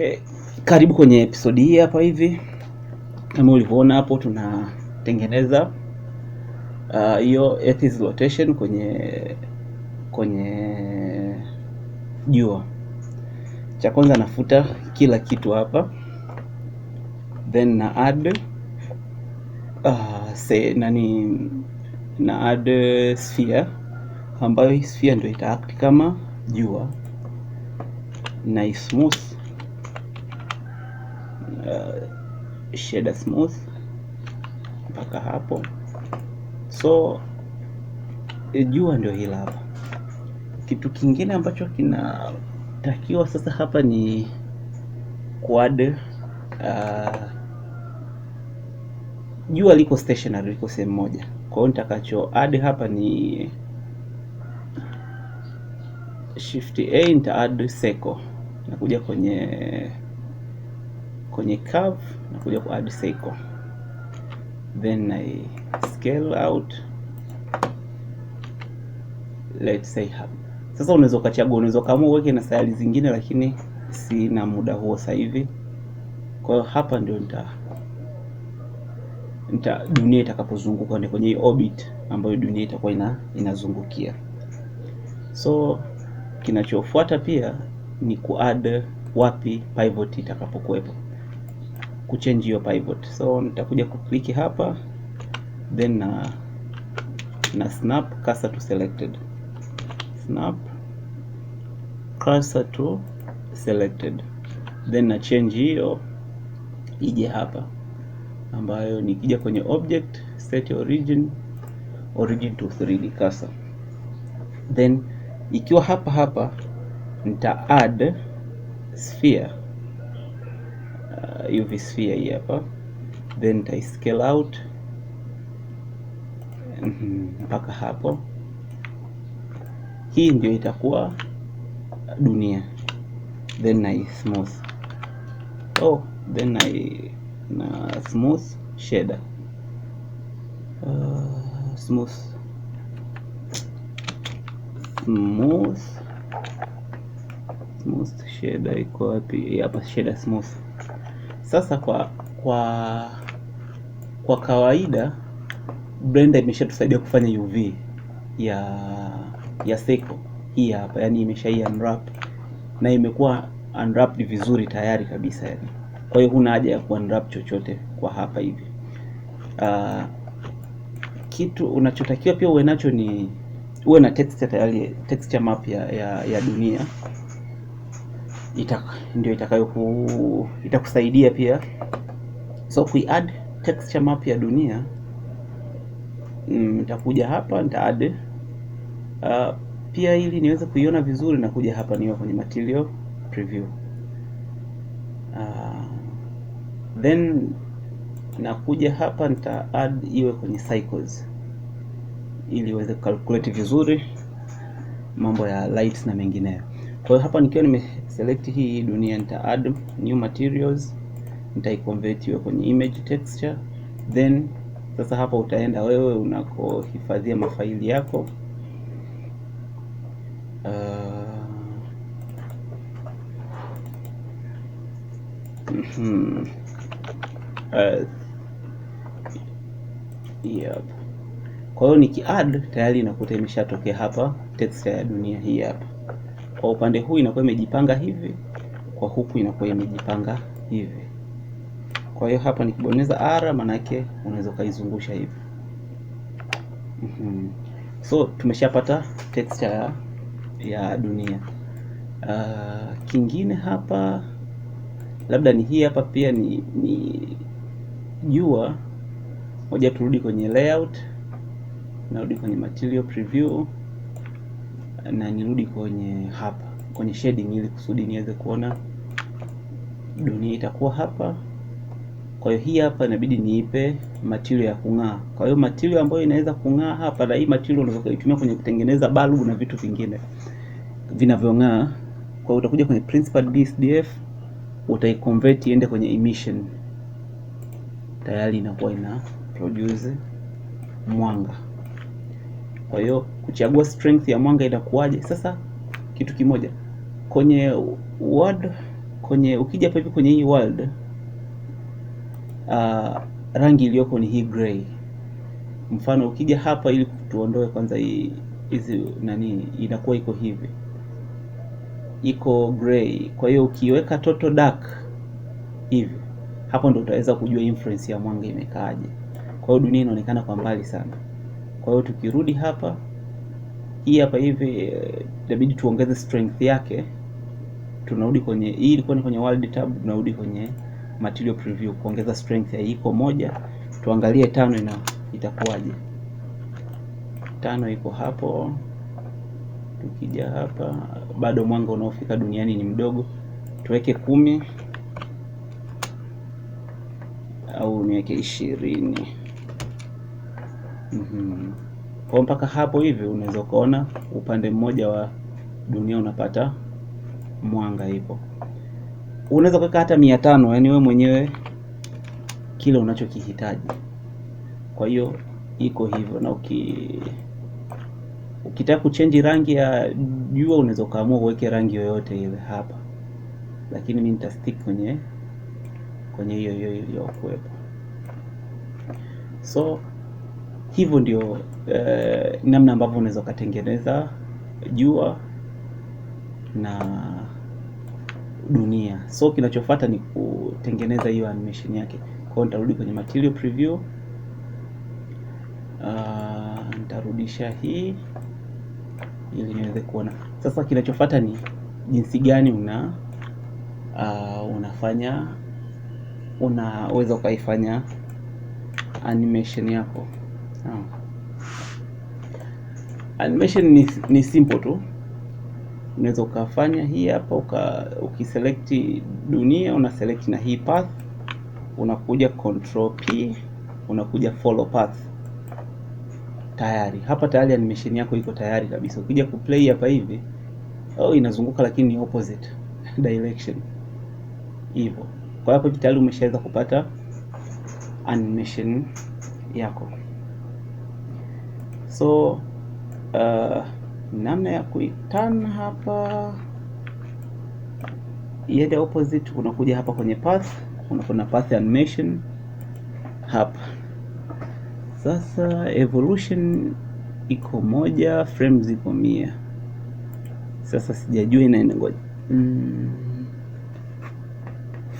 Okay. Karibu kwenye episodi hii hapa hivi. Kama ulivyoona hapo tunatengeneza uh, hiyo uh, earth rotation kwenye kwenye jua. Cha kwanza nafuta kila kitu hapa. Then na add uh, say, nani na add sphere ambayo hii sphere ndio itaact kama jua na smooth uh, shader smooth mpaka hapo. So jua ndio hili hapa. Kitu kingine ambacho kinatakiwa sasa hapa ni quad uh, jua liko stationary, liko sehemu moja. Kwa hiyo nitakacho add hapa ni shift a nita add circle, nakuja kwenye kwenye curve na kuja ku add circle, then I scale out let's say hub. Sasa unaweza ukachagua, unaweza kama uweke na sayari zingine, lakini sina muda huo sasa hivi. Kwa hiyo hapa ndio nita nita dunia itakapozunguka ni kwenye orbit ambayo dunia itakuwa ina, inazungukia. So kinachofuata pia ni kuadd wapi pivot itakapokuwepo kuchange hiyo pivot. So nitakuja kukliki hapa then na, na snap cursor to selected, snap cursor to selected then na change hiyo ije hapa, ambayo nikija kwenye object set origin origin to 3D cursor then ikiwa hapa hapa nita add sphere UV sphere hii hapa, then nita scale out mhm, mpaka hapo. Hii ndio itakuwa dunia, then na smooth oh, then na, na smooth shader uh, smooth smooth smooth shader iko wapi? Hapa shader smooth sasa kwa kwa kwa kawaida blender imeshatusaidia kufanya UV ya ya seko hii hapa, yani imesha unwrap na imekuwa unwrapped vizuri tayari kabisa yani. Kwa hiyo huna haja ya ku unwrap chochote kwa hapa hivi. Uh, kitu unachotakiwa pia uwe nacho ni uwe na texture tayari, texture map ya, ya, ya dunia ndio itakayoku itakusaidia pia. So if we add texture map ya dunia mm, nitakuja mm, hapa nita add uh, pia ili niweze kuiona vizuri na kuja hapa niwe kwenye material preview uh, then nakuja hapa nita add iwe kwenye cycles ili iweze kucalculate vizuri mambo ya lights na mengineyo. Kwa hiyo hapa nikiwa nimeselect hii dunia, nita add new materials, convert hiyo kwenye image texture, then sasa hapa utaenda wewe unakohifadhia mafaili yako uh, hmm. uh, yep. Kwa hiyo niki add tayari inakuta imeshatokea hapa texture ya dunia hii hapa. Kwa upande huu inakuwa imejipanga hivi, kwa huku inakuwa imejipanga hivi. Kwa hiyo hapa nikibonyeza R maana yake unaweza ukaizungusha hivi. mm -hmm. So tumeshapata texture ya, ya dunia. Uh, kingine hapa labda ni hii hapa pia ni, ni jua moja. Turudi kwenye layout, narudi kwenye material preview na nirudi kwenye hapa kwenye shading ili kusudi niweze kuona dunia itakuwa hapa. Kwa hiyo hii hapa inabidi niipe material ya kung'aa. Kwa hiyo material ambayo inaweza kung'aa hapa, na hii material unaweza kuitumia kwenye kutengeneza balbu na vitu vingine vinavyong'aa. Kwa hiyo utakuja kwenye principal DSDF utaiconvert iende kwenye emission, tayari inakuwa ina produce mwanga. Kwa hiyo kuchagua strength ya mwanga inakuwaje? Sasa kitu kimoja kwenye world, kwenye ukija hapa hivi kwenye hii world uh, rangi iliyoko ni hii gray. Mfano ukija hapa, ili tuondoe kwanza hii hizi nani, inakuwa iko hivi, iko gray. Kwa hiyo ukiweka toto dark hivi, hapo ndo utaweza kujua influence ya mwanga imekaaje. Kwa hiyo dunia inaonekana kwa mbali sana. Kwa hiyo tukirudi hapa, hii hapa hivi eh, inabidi tuongeze strength yake. Tunarudi kwenye hii, ilikuwa ni kwenye world tab, tunarudi kwenye material preview kuongeza strength ya iko moja. Tuangalie tano ina itakuwaje. Tano iko hapo. Tukija hapa, bado mwanga unaofika duniani ni mdogo, tuweke kumi au niweke ishirini. Mhm. Kwa mpaka hapo hivi unaweza ukaona upande mmoja wa dunia unapata mwanga hivo Unaweza kuweka hata mia tano, yani wewe mwenyewe kile unachokihitaji. Kwa hiyo iko hivyo, na uki ukitaka kuchenji rangi ya jua unaweza ukaamua uweke rangi yoyote ile hapa, lakini mimi nitastick kwenye kwenye hiyo hiyo iliyokuwepo so hivyo ndio eh, namna ambavyo unaweza ukatengeneza jua na dunia. So kinachofuata ni kutengeneza hiyo animation yake. Kwa hiyo nitarudi kwenye material preview. Uh, nitarudisha hii ili niweze kuona sasa. Kinachofuata ni jinsi gani una uh, unafanya unaweza ukaifanya animation yako. Sawa. Animation ni, ni simple tu, unaweza ukafanya hii hapa uka, ukiselect dunia una select na hii path, unakuja control p, unakuja follow path. Tayari hapa tayari animation yako iko tayari kabisa. Ukija kuplay hapa hivi, oh, inazunguka lakini ni opposite direction hivyo. Kwa hiyo hapo tayari umeshaweza kupata animation yako so uh, namna ya kuitan hapa iende opposite, unakuja hapa kwenye path, kuna path animation hapa. Sasa evolution iko moja, frames iko mia. Sasa sijajua inaenda ngoja, mm.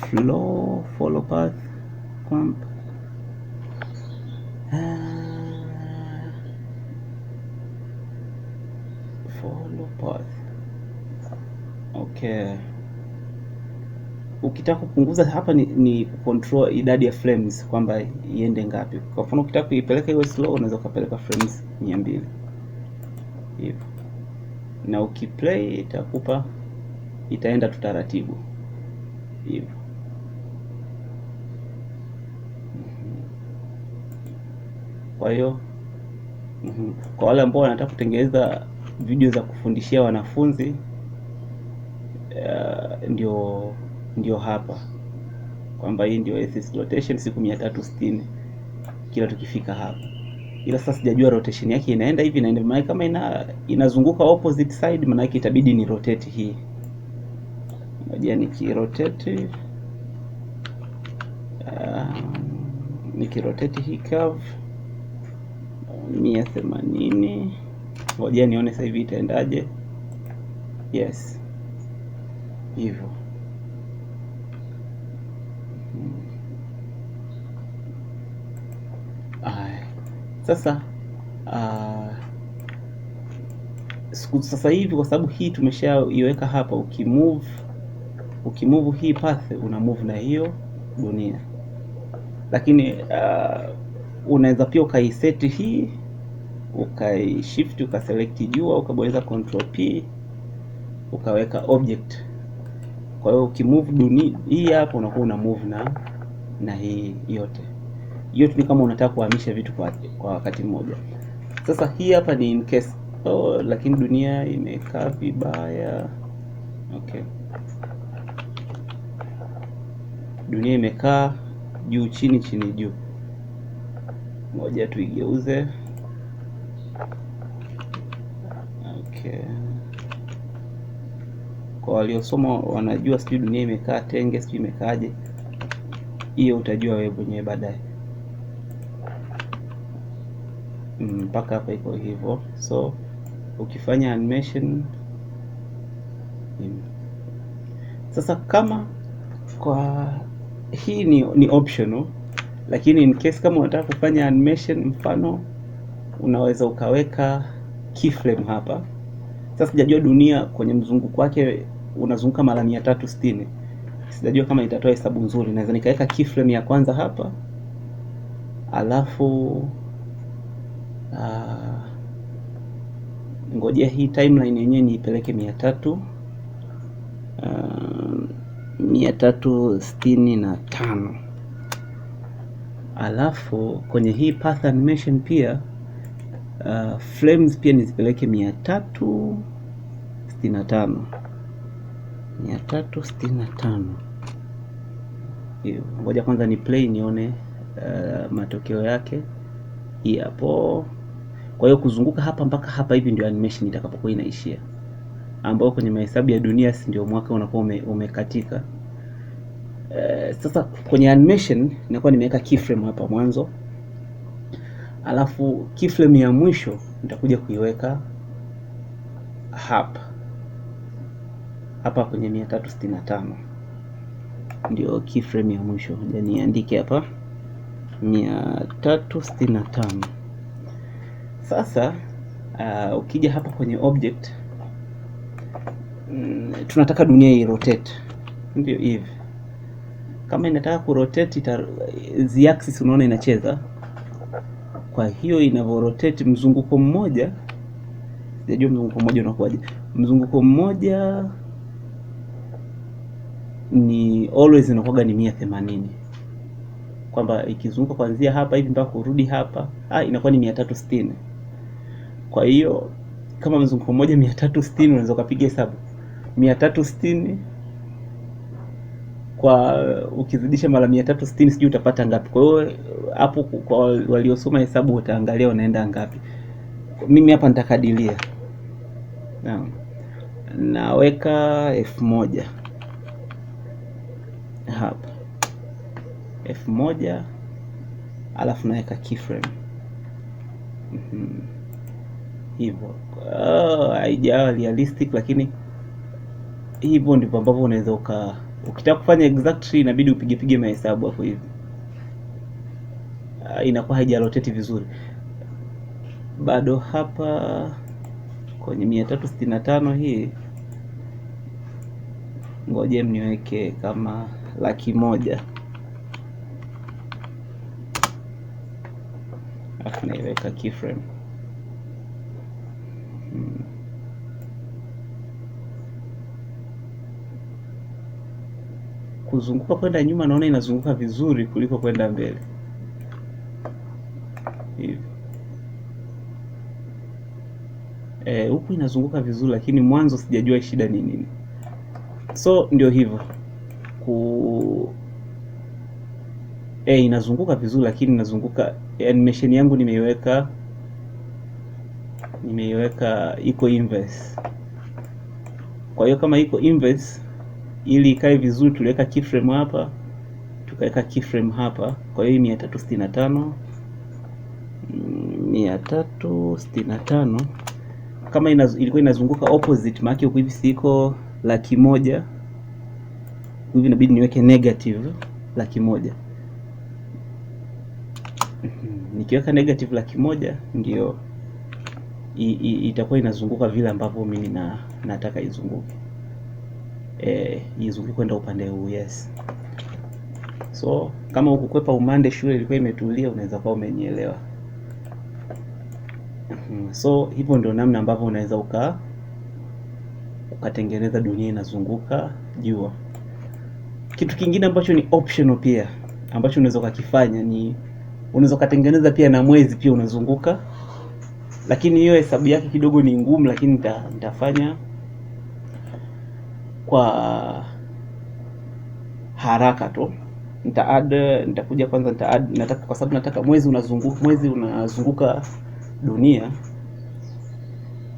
flow follow path comp ah. Pole. okay. Ukitaka kupunguza hapa ni, ni control idadi ya frames kwamba iende ngapi. Kwa mfano ukitaka kuipeleka iwe slow unaweza ukapeleka frames 200 hivyo, na ukiplay itakupa itaenda tu taratibu hivyo. Mhm. Kwa hiyo mhm. kwa wale ambao wanataka kutengeneza video za kufundishia wanafunzi uh, ndio ndio hapa kwamba hii ndio atheist rotation siku 360 kila tukifika hapa, ila sasa sijajua rotation yake inaenda hivi inaenda maana kama ina inazunguka opposite side, maana yake itabidi ni rotate hii. Ngoja rotate uh, eh, ni ki rotate hii curve 180 ngoja nione sasa hivi itaendaje. Yes, hivyo sasa uh, siku sasa hivi kwa sababu hii tumeshaiweka hapa, ukimove ukimove hii path una move na hiyo dunia, lakini uh, unaweza pia ukaiseti hii ukaishift ukaselect jua ukabonyeza control p ukaweka object. Kwa hiyo ukimove duni hii hapo unakuwa una move na na hii yote tu, ni kama unataka kuhamisha vitu kwa kwa wakati mmoja. Sasa hii hapa ni in case oh, lakini dunia imekaa vibaya. Okay, dunia imekaa juu chini chini juu, moja tuigeuze. Okay. Eh, kwa waliosoma wanajua, sijui dunia imekaa tenge, sijui imekaaje, hiyo utajua wewe mwenyewe baadaye. Mm, mpaka hapa iko hivyo, so ukifanya animation mm. sasa, kama kwa hii ni, ni optional lakini in case kama unataka kufanya animation, mfano unaweza ukaweka keyframe hapa sasa sijajua dunia kwenye mzunguko wake unazunguka mara mia tatu sitini. Sijajua kama itatoa hesabu nzuri, naweza nikaweka keyframe ya kwanza hapa alafu uh, ngojea hii timeline yenyewe niipeleke mia tatu uh, mia tatu sitini na tano alafu kwenye hii path animation pia uh, frames pia nizipeleke mia tatu sitini na tano mia tatu sitini na tano hiyo. Ngoja kwanza ni play nione uh, matokeo yake hii hapo. Kwa hiyo kuzunguka hapa mpaka hapa hivi ndio animation itakapokuwa inaishia, ambao kwenye mahesabu ya dunia si ndio mwaka unakuwa ume, umekatika. Uh, sasa kwenye animation ninakuwa nimeweka keyframe hapa mwanzo alafu keyframe ya mwisho nitakuja kuiweka hapa hapa kwenye 365 ndio keyframe ya mwisho. Ngoja niandike hapa 365. Sasa uh, ukija hapa kwenye object mm, tunataka dunia irotate, ndio hivi. Kama inataka kurotate ita z axis, unaona inacheza kwa hiyo rotate mzunguko mmoja, sijajua mzunguko mmoja unakuwaje. Mzunguko mmoja ni always inakuwaga ni mia themanini kwamba ikizunguka kuanzia hapa hivi mpaka kurudi hapa ah, inakuwa ni mia tatu sitini. Kwa hiyo kama mzunguko mmoja mia tatu sitini unaweza ukapiga hesabu mia tatu sitini kwa uh, ukizidisha mara mia tatu sitini sijui utapata ngapi. Kwa hiyo uh, hapo kwa waliosoma hesabu utaangalia unaenda ngapi. Mimi hapa nitakadiria na, naweka elfu moja hapa elfu moja alafu naweka keyframe mhm. hivyo. Ah, haijawa realistic, lakini hivyo ndivyo ambavyo unaweza uka ukitaka kufanya exactly inabidi upigepige mahesabu hapo hivi, ah, inakuwa rotate vizuri. Bado hapa kwenye mia tatu sitini na tano hii, ngoje mniweke kama laki moja alafu naiweka keyframe. kuzunguka kwenda nyuma, naona inazunguka vizuri kuliko kwenda mbele hivi. E, huku inazunguka vizuri, lakini mwanzo sijajua shida ni nini. So ndio hivyo ku e, inazunguka vizuri, lakini inazunguka e, animation yangu nimeiweka nimeiweka iko inverse. Kwa hiyo kama iko inverse ili ikae vizuri tuliweka keyframe hapa tukaweka keyframe hapa. Kwa hiyo mia tatu sitini na tano mia tatu sitini na tano kama inaz, ilikuwa inazunguka opposite maana huku hivi siko laki moja hivi inabidi niweke negative laki moja mhm. nikiweka negative laki moja ndio itakuwa inazunguka vile ambavyo mimi na nataka izunguke eh, izunguke kwenda upande huu yes. So kama ukukwepa umande shule ilikuwa imetulia, unaweza kuwa umenielewa. Mm-hmm. So hivyo ndio namna ambavyo unaweza uka ukatengeneza dunia inazunguka jua. Kitu kingine ambacho ni optional pia ambacho unaweza ukakifanya ni unaweza ukatengeneza pia na mwezi pia unazunguka, lakini hiyo hesabu yake kidogo ni ngumu, lakini nitafanya kwa haraka tu. Nita add nitakuja kwanza, nita add nataka, kwa sababu nataka mwezi unazunguka, mwezi unazunguka dunia,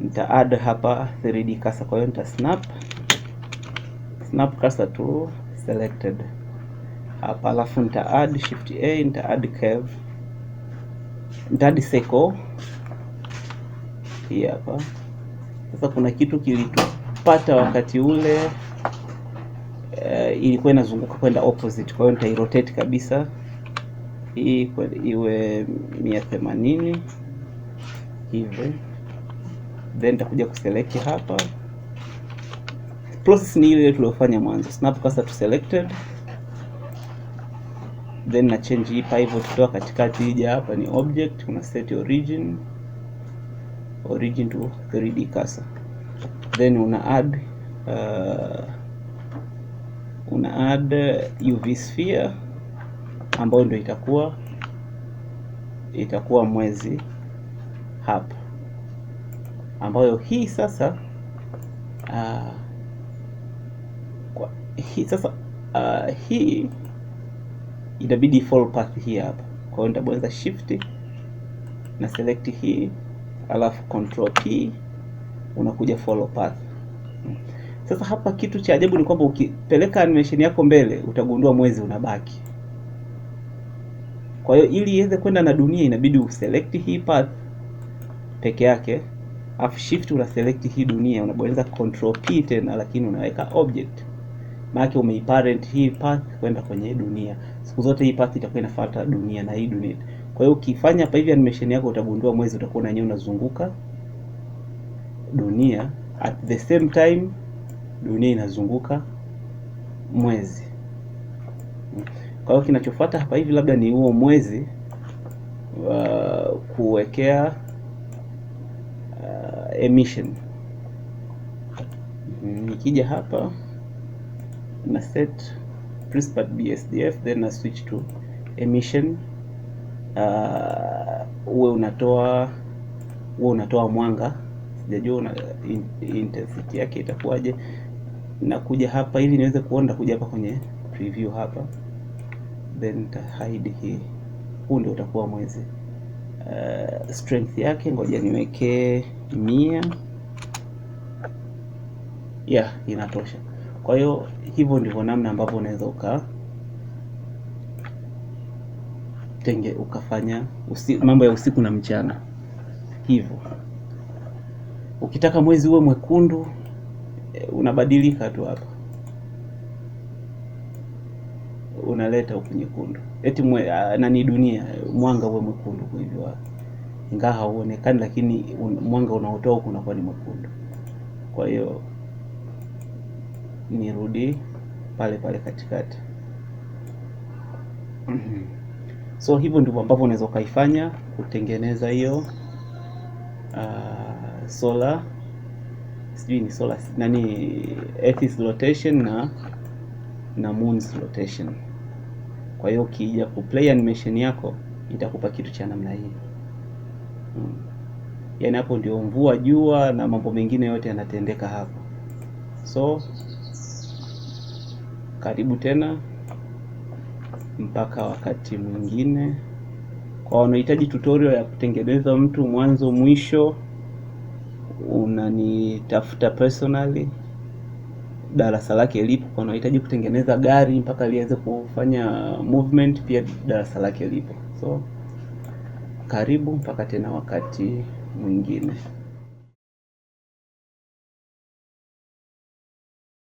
nita add hapa 3D cursor. Kwa hiyo nita snap snap cursor to selected hapa, alafu nita add shift a, nita add curve, nita add circle hii hapa. Sasa kuna kitu kilitokea kupata wakati ule uh, ilikuwa inazunguka kwenda opposite, kwa hiyo nitairotate kabisa hii iwe mia themanini hivi, then nitakuja kuselect hapa. Process ni ile ile tuliyofanya mwanzo, snap cursor to selected, then na change hii pivot kutoka katikati hija hapa, ni object, kuna set origin origin to 3D cursor then una add uh, una add UV sphere ambayo ndio itakuwa itakuwa mwezi hapa, ambayo hii sasa uh, kwa, hii sasa uh, hii itabidi follow path hii hapa. Kwa hiyo nitabonyeza shift na select hii alafu control P unakuja follow path. Sasa hapa kitu cha ajabu ni kwamba ukipeleka animation yako mbele utagundua mwezi unabaki. Kwa hiyo ili iweze kwenda na dunia inabidi uselect hii path peke yake, afu shift una select hii dunia, unabonyeza control P tena, lakini unaweka object, maana umeiparent hii path kwenda kwenye dunia. Siku zote hii path itakuwa inafuata dunia na hii dunia. Kwa hiyo ukifanya hapa hivi animation yako utagundua mwezi utakuwa na yeye unazunguka dunia at the same time dunia inazunguka mwezi. Kwa hiyo kinachofuata hapa hivi labda ni huo mwezi uh, kuwekea uh, emission. Nikija hapa na set principal BSDF then na switch to emission uh, uwe unatoa uwe unatoa mwanga sijajua na intensity yake itakuwaje. Nakuja hapa ili niweze kuona, kuja hapa kwenye preview hapa, then nita hide hii. Huu ndio utakuwa mwezi. Uh, strength yake ngoja niwekee mia. Yeah, inatosha. Kwa hiyo hivyo ndivyo namna ambavyo unaweza uka tenge ukafanya usi, mambo ya usiku na mchana hivyo. Ukitaka mwezi uwe mwekundu eh, unabadilika tu hapa, unaleta huku nyekundu, eti mwe, a, ah, nani dunia mwanga uwe mwekundu kwa hivyo ingawa hauonekani lakini un, mwanga unaotoa huku unakuwa ni mwekundu. Kwa hiyo nirudi pale pale katikati. So hivyo ndivyo ambavyo unaweza ukaifanya kutengeneza hiyo uh, solar sijui ni solar nani, earth's rotation na na moon's rotation. Kwa hiyo ukija kuplay animation yako itakupa kitu cha namna hii hmm. Yaani hapo ndio mvua, jua na mambo mengine yote yanatendeka hapo. So karibu tena mpaka wakati mwingine. Kwa wanaohitaji tutorial ya kutengeneza mtu mwanzo mwisho unanitafuta personally, darasa lake lipo kwa unahitaji kutengeneza gari mpaka liweze kufanya movement, pia darasa lake lipo. So karibu mpaka tena wakati mwingine.